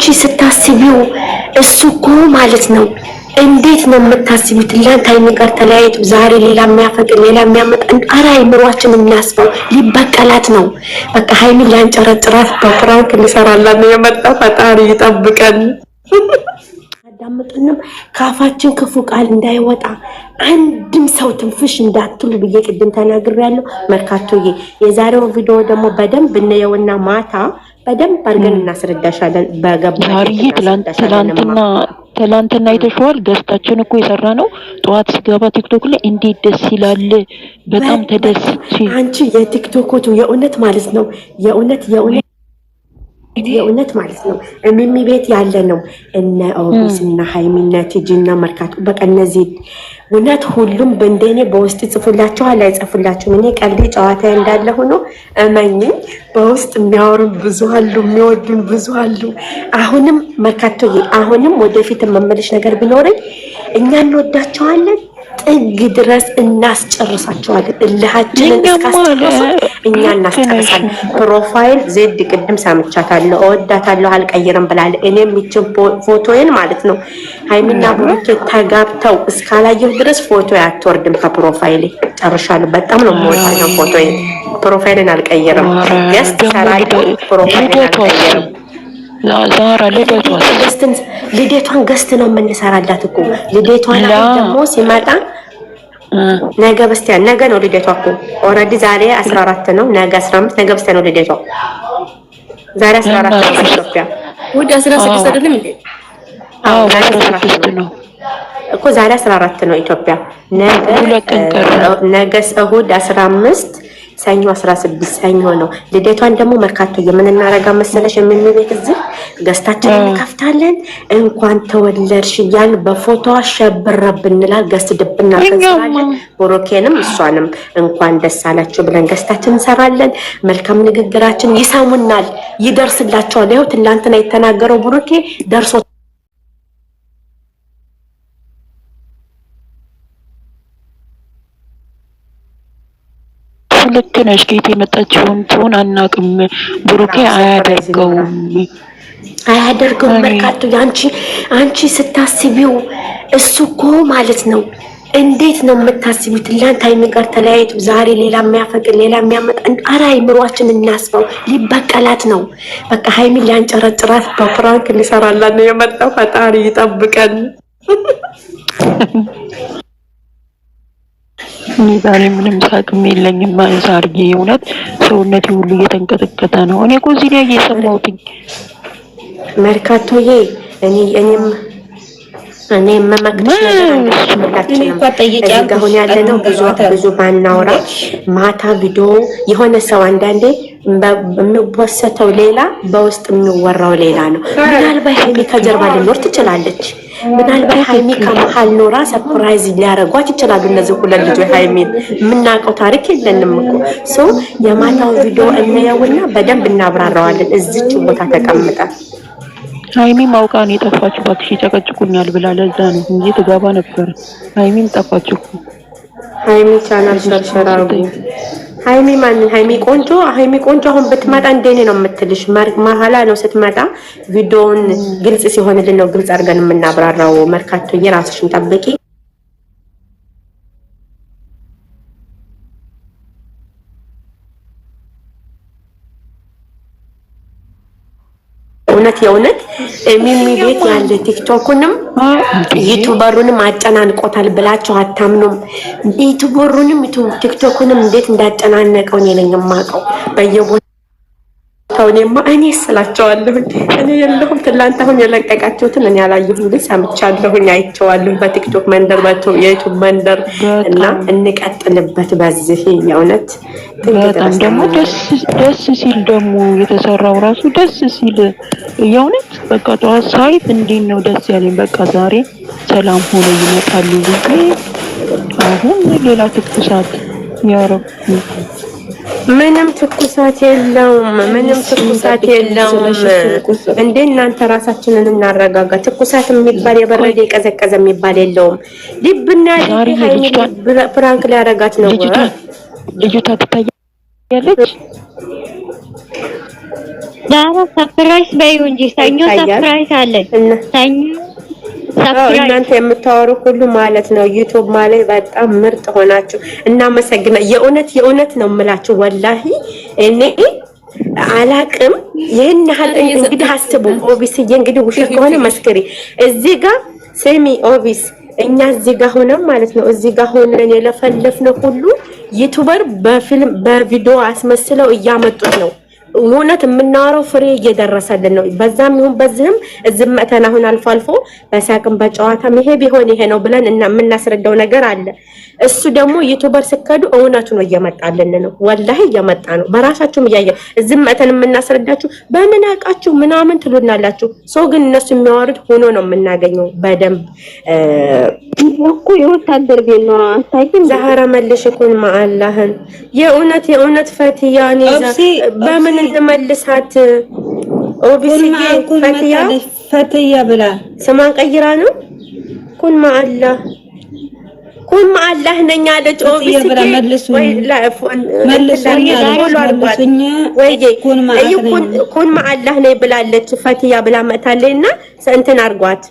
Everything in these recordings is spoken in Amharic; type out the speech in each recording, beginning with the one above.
አንቺ ስታስቢው እሱ እኮ ማለት ነው። እንዴት ነው የምታስቢው? ትላንት አይኔ ጋር ተለያይቶ ዛሬ ሌላ የሚያፈቅር ሌላ የሚያመጣ አራ አይምሯችን የሚያስበው ሊበቀላት ነው። በቃ ሀይሚ ሊያንጨረጭራት በፍራንክ እንሰራላን የመጣ። ፈጣሪ ይጠብቀን። አዳምጡንም ካፋችን ክፉ ቃል እንዳይወጣ አንድም ሰው ትንፍሽ እንዳትሉ ብዬ ቅድም ተናግሬያለሁ። መርካቶዬ የዛሬውን ቪዲዮ ደግሞ በደንብ እንየውና ማታ በደንብ አድርገን እናስረዳሻለን። በገባሪዬ ትላንትና ትላንትና አይተሽዋል። ገዝታችን እኮ የሰራ ነው። ጠዋት ስገባ ቲክቶክ ላይ እንዴት ደስ ይላል! በጣም ተደስቼ አንቺ የቲክቶኮቱ የእውነት ማለት ነው የእውነት የእውነት የእውነት ማለት ነው ሚሚ ቤት ያለ ነው እነ ኦቢስ እና ሀይሚነት ጅና መርካቱ መርካቶ በቃ እነዚህ እውነት ሁሉም በእንደኔ በውስጥ ይጽፉላችኋል አይጽፉላችሁም። እኔ ቀልዴ ጨዋታ እንዳለ ሆኖ እመኝም በውስጥ የሚያወሩን ብዙ አሉ፣ የሚወዱን ብዙ አሉ። አሁንም መርካቶ አሁንም ወደፊት የመመለሽ ነገር ቢኖረኝ እኛ እንወዳቸዋለን ጥግ ድረስ እናስጨርሳቸዋለን። እልሃችንን እስካስጨርሱ እኛ እናስጨርሳለን። ፕሮፋይል ዜድ ቅድም ሰምቻታለሁ፣ እወዳታለሁ፣ አልቀይርም ብላለ። እኔ የሚችን ፎቶዬን ማለት ነው ሀይሚና ብሩኬ ተጋብተው እስካላየሁ ድረስ ፎቶ አትወርድም ከፕሮፋይሌ። ጨርሻለሁ። በጣም ነው የምወዳለው ፎቶዬን። ፕሮፋይልን አልቀይርም። ያስከራይ ፕሮፋይልን አልቀይርም። ዛራ ልደቷን ገስት ነው የምንሰራላት እኮ ልደቷን ደግሞ ሲመጣ ነገ በስቲያ ነገ ነው ልደቷ እኮ ኦልሬዲ ዛሬ 14 ነው ነገ 15 ነገ በስቲያ ነው ልደቷ ዛሬ 14 ነው ኢትዮጵያ ወደ 16 አይደለም አዎ ዛሬ 14 ነው እኮ ዛሬ 14 ነው ኢትዮጵያ ነገ ነገስ እሑድ 15 ሰኞ 16 ሰኞ ነው። ልደቷን ደግሞ መርካቶ የምንናረጋ መሰለሽ የምንቤት እዚህ ገስታችን እንከፍታለን። እንኳን ተወለድሽ እያን በፎቶ ሸብረ ብንላል ገዝት ድብና እንሰራለን። ብሩኬንም እሷንም እንኳን ደስ አላችሁ ብለን ገስታችን እንሰራለን። መልካም ንግግራችን ይሰሙናል፣ ይደርስላቸዋል። ይኸው ትናንትና የተናገረው ቦሮኬ ደርሶ ልክ ነሽ። ከየት የመጣችውን ትሆን አናውቅም። ብሩኬ አያደርገውም አያደርገውም። በርካቶ አንቺ አንቺ ስታስቢው እሱ እኮ ማለት ነው እንዴት ነው የምታስቡት? ትላንት ሀይሚ ጋር ተለያይቱ፣ ዛሬ ሌላ የሚያፈቅር ሌላ የሚያመጣ አራ አይምሯችን እናስበው። ሊበቀላት ነው በቃ ሀይሚ ሊያንጨረጭራት በፕራንክ ሊሰራላት ነው የመጣው። ፈጣሪ ይጠብቀን። እኔ ዛሬ ምንም ሳቅም የለኝም። ማንሳ አድርጌ እውነት ሰውነቴ ሁሉ እየተንቀጠቀጠ ነው። እኔ እኮ እዚህ ላይ እየሰማሁትኝ መርካቶዬ፣ እኔ እኔም እኔ መመክርሽ ያለ ነው ብዙ ብዙ ባናወራ ማታ ቪዲዮ የሆነ ሰው አንዳንዴ የሚወሰተው ሌላ፣ በውስጥ የሚወራው ሌላ ነው። ምናልባት ከጀርባ ልኖር ትችላለች ምናልባት ሀይሚ ከመሀል ኖራ ሰፕራይዝ ሊያደርጓት ይችላሉ። እነዚህ ሁለት ልጆች ሀይሚን የምናውቀው ታሪክ የለንም እኮ ሶ የማታው ቪዲዮ እናየውና በደንብ እናብራራዋለን። እዚች ቦታ ተቀምጠ ሀይሚ ማውቃን የጠፋች ባክሽ ይጨቀጭቁኛል ብላ ለዛ ነው እንጂ ትገባ ነበር። ሀይሚም ጠፋችሁ። ሀይሚ ቻናል ሸርሸር አርጉ ሀይሚ ማን ሀይሚ ቆንጆ ሀይሚ ቆንጆ አሁን ብትመጣ እንደኔ ነው የምትልሽ። መሀላ ነው ስትመጣ ቪዲዮውን ግልጽ ሲሆንልን ነው ግልጽ አድርገን የምናብራራው። መርካቶ የራስሽን ጠብቂ። የእውነት የእውነት ሚሚ ቤት ያለ ቲክቶኩንም ዩቱበሩንም አጨናንቆታል ብላችሁ አታምኑም። ዩቱበሩንም ቲክቶኩንም እንዴት እንዳጨናነቀውን የለኝ የማውቀው በየቦታ አሁንማ እኔ ስላቸዋለሁኝ እኔ የለሁም። ትላንት አሁን የለቀቃችሁትን እኔ አላየሁም፣ ግን ሰምቻለሁኝ፣ አይቼዋለሁኝ በቲክቶክ መንደር በቶ የዩቱብ መንደር እና እንቀጥልበት በዚህ የእውነት በጣም ደግሞ ደስ ሲል ደግሞ የተሰራው ራሱ ደስ ሲል የእውነት በቃ ጠዋት ሳይት እንዴት ነው ደስ ያለኝ። በቃ ዛሬ ሰላም ሆነ ይመጣሉ ልጄ። አሁን ሌላ ትኩሳት ያረኩ ምንም ትኩሳት የለውም። ምንም ትኩሳት የለውም። እንደ እናንተ ራሳችንን እናረጋጋ። ትኩሳት የሚባል የበረደ የቀዘቀዘ የሚባል የለውም። ልብና ፍራንክ ሊያረጋት ነው። ልጅቷ ትታያለች። ዛሬ ሰፕራይዝ በይው እንጂ ሰኞ ሰፕራይዝ አለን ሰኞ እናንተ የምታወሩ ሁሉ ማለት ነው ዩቱብ ማለት በጣም ምርጥ ሆናችሁ እናመሰግና። የእውነት የእውነት ነው የምላችሁ ወላሂ እኔ አላቅም ይህን ያህል እንግዲህ አስቡ። ኦቢስ እንግዲህ ውሸት ከሆነ መስክሪ። እዚህ ጋር ሴሚ ኦቢስ እኛ እዚህ ጋር ሆነን ማለት ነው እዚህ ጋር ሆነን የለፈለፍነው ሁሉ ዩቱበር በፊልም በቪዲዮ አስመስለው እያመጡት ነው እውነት የምናወራው ፍሬ እየደረሰልን ነው። በዛም ይሁን በዚህም እዚህም መተን አሁን አልፎ አልፎ በሳቅም በጨዋታም ይሄ ቢሆን ይሄ ነው ብለን የምናስረዳው ነገር አለ። እሱ ደግሞ ዩቱበር ስከዱ እውነቱ ነው እየመጣልን ነው። ወላሂ እየመጣ ነው። በራሳችሁም እያየ እዚህም መተን የምናስረዳችሁ በምን አውቃችሁ ምናምን ትሉናላችሁ። ሰው ግን እነሱ የሚያወርድ ሆኖ ነው የምናገኘው በደንብ እኮ የወታደር ቤት ነው። አታውቂም? ዛህራ መልሽ ኩን ማአላህን የእውነት የእውነት ፈትያ በምን እንመልሳት? ኦቢሲ ፈትያ ፈትያ ብላ ስማን ቀይራ ነው። ኩን ማአላህ ኩን ማአላህ ነኝ አለች። ኦቢሲ ኩን ማአላህ ነኝ ብላለች። ፈትያ ብላ መታለች እና እንትን አድርጓት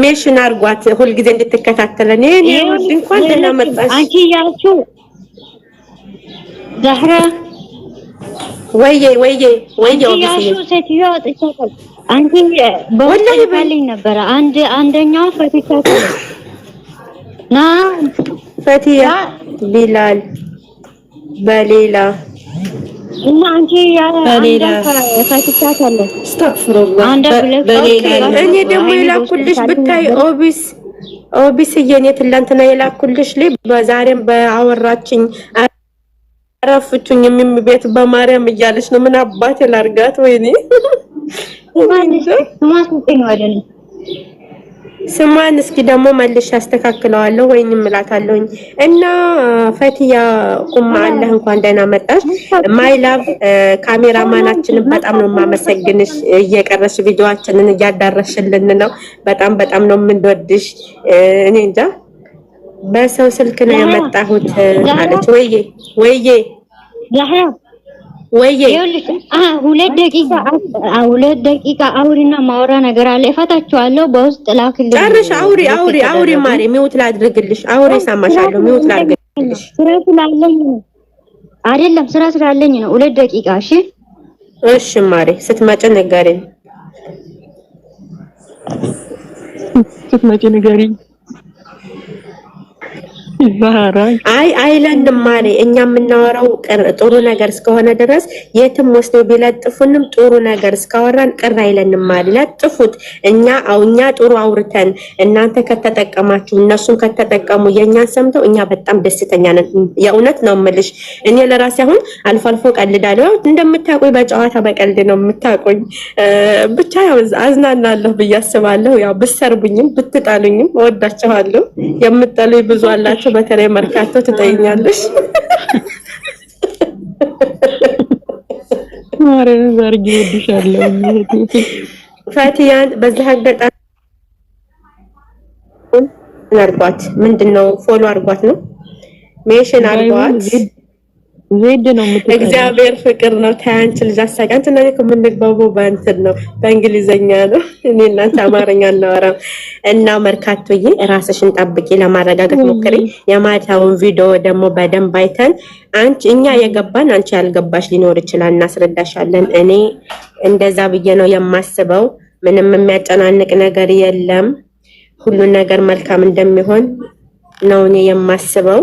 ሜሽን አርጓት ሁልጊዜ እንድትከታተለን። ይሄን እንኳን ደህና መጣሽ አንቺ እያለችው ዛህራ ወይዬ ወይዬ ወይዬ ሴትዮዋ አውጥቻታል። ነበረ አንድ አንደኛው ፈትቻት ና ፈትያ ቢላል በሌላ እና አንቺ እኔ ደግሞ የላኩልሽ ብታይ ኦቢስ ኦቢስ እየኔ ትላንትና የላኩልሽ ላይ በዛሬም በአወራችኝ አረፍችኝ የሚም ቤት በማርያም እያለች ነው። ምን አባቴ ላርጋት? ወይኔ ስሟን እስኪ ደግሞ መልሽ አስተካክለዋለሁ ወይም እምላታለሁኝ። እና ፈትያ ቁማ አለህ እንኳን ደህና መጣሽ ማይ ላቭ። ካሜራማናችንን በጣም ነው የማመሰግንሽ። እየቀረሽ ቪዲዮዋችንን እያዳረሽልን ነው። በጣም በጣም ነው የምንወድሽ። እኔ እንጃ በሰው ስልክ ነው የመጣሁት አለች። ወይዬ ወይዬ ወይ ሁለት ደቂቃ ሁለት ደቂቃ አውሪና ማውራ ነገር አለ። እፈታችኋለሁ። በውስጥ ላክልኝ። ጨርሽ አውሪ አውሪ አውሪ። ማሪ ሚውት ላድርግልሽ። አውሪ ሰማሻለሁ። ሚውት ላድርግልሽ። ስራ ስላለኝ አይደለም፣ ስራ ስላለኝ ነው። ሁለት ደቂቃ እሺ። እሺ ማሪ፣ ስትመጪ ንገሪኝ። ስትመጪ ንገሪኝ። አይ አይለንድማ እኔ እኛ የምናወራው ጥሩ ነገር እስከሆነ ድረስ የትም ወስዶ ቢለጥፉንም ጥሩ ነገር እስካወራን ቅር አይለንማ። ለጥፉት። እኛ እኛ ጥሩ አውርተን እናንተ ከተጠቀማችሁ እነሱን ከተጠቀሙ የእኛን ሰምተው እኛ በጣም ደስተኛ ነን። የእውነት ነው የምልሽ። እኔ ለራሴ አሁን አልፎ አልፎ ቀልዳለሁ። እንደምታውቁኝ በጨዋታ በቀልድ ነው የምታውቁኝ። ብቻ ያው አዝናናለሁ ብዬ አስባለሁ። ያው ብሰርቡኝም ብትጠሉኝም እወዳችኋለሁ። የምትጠሉኝ ብዙ አላቸው በተለይ መርካቶ ትጠይኛለሽ። ማረን ዛርጊ ወድሻለሁ። ፋቲያን በዚህ አጋጣሚ አርጓት፣ ምንድን ነው ፎሎ አርጓት ነው ሜሽን አርጓት ዜድ ነው የምትጠሪው። እግዚአብሔር ፍቅር ነው። ታያንች ልጅ አሳቂ። አንቺና እኔ እኮ የምንግባባው በእንትን ነው በእንግሊዘኛ ነው። እኔ እናንተ አማርኛ እናወራም እና መርካቶዬ፣ ራስሽን ጠብቂ፣ ለማረጋገጥ ሞክሪ። የማታውን ቪዲዮ ደግሞ በደንብ አይተን አንቺ እኛ የገባን አንቺ ያልገባሽ ሊኖር ይችላል፣ እናስረዳሻለን። እኔ እንደዛ ብዬ ነው የማስበው። ምንም የሚያጨናንቅ ነገር የለም። ሁሉን ነገር መልካም እንደሚሆን ነው እኔ የማስበው።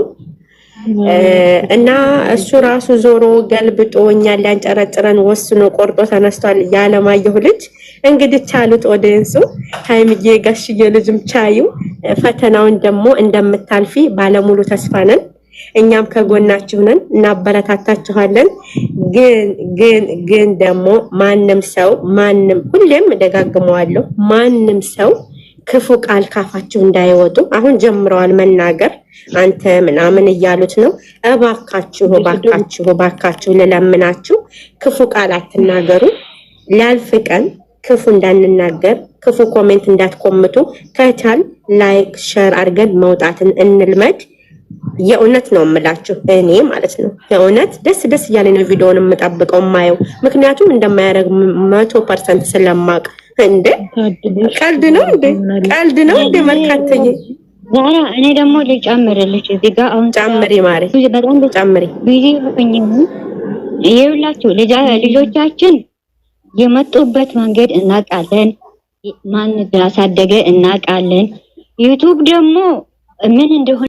እና እሱ ራሱ ዞሮ ገልብጦ እኛን ሊያንጨረጭረን ወስኖ ቆርጦ ተነስቷል። ያለማየሁ ልጅ እንግዲህ ቻሉት። ኦዲየንሱ ሀይምዬ ጋሽዬ ልጅም ቻዩ። ፈተናውን ደግሞ እንደምታልፊ ባለሙሉ ተስፋ ነን። እኛም ከጎናችሁ ነን፣ እናበረታታችኋለን። ግን ግን ግን ደግሞ ማንም ሰው ማንም ሁሌም እደጋግመዋለሁ ማንም ሰው ክፉ ቃል ካፋችሁ እንዳይወጡ አሁን ጀምረዋል መናገር አንተ ምናምን እያሉት ነው። እባካችሁ እባካችሁ እባካችሁ ልለምናችሁ ክፉ ቃል አትናገሩ። ሊያልፍ ቀን ክፉ እንዳንናገር ክፉ ኮሜንት እንዳትኮምቱ። ከቻል ላይክ ሸር አድርገን መውጣትን እንልመድ። የእውነት ነው የምላችሁ እኔ ማለት ነው። የእውነት ደስ ደስ እያለ ነው ቪዲዮውን የምጠብቀው ማየው ምክንያቱም እንደማያደርግ መቶ ፐርሰንት ስለማቅ እንደ ቀልድ ነው እንደ ቀልድ ነው እንደ ዛራ እኔ ደግሞ ልጨምርልሽ እዚህ ጋር አሁን ጨምሪ በጣም ጨምሪ ቢዚ ይኸውላችሁ ልጆቻችን የመጡበት መንገድ እናውቃለን። ማን ያሳደገ እናውቃለን። ዩቱብ ደግሞ ምን እንደሆነ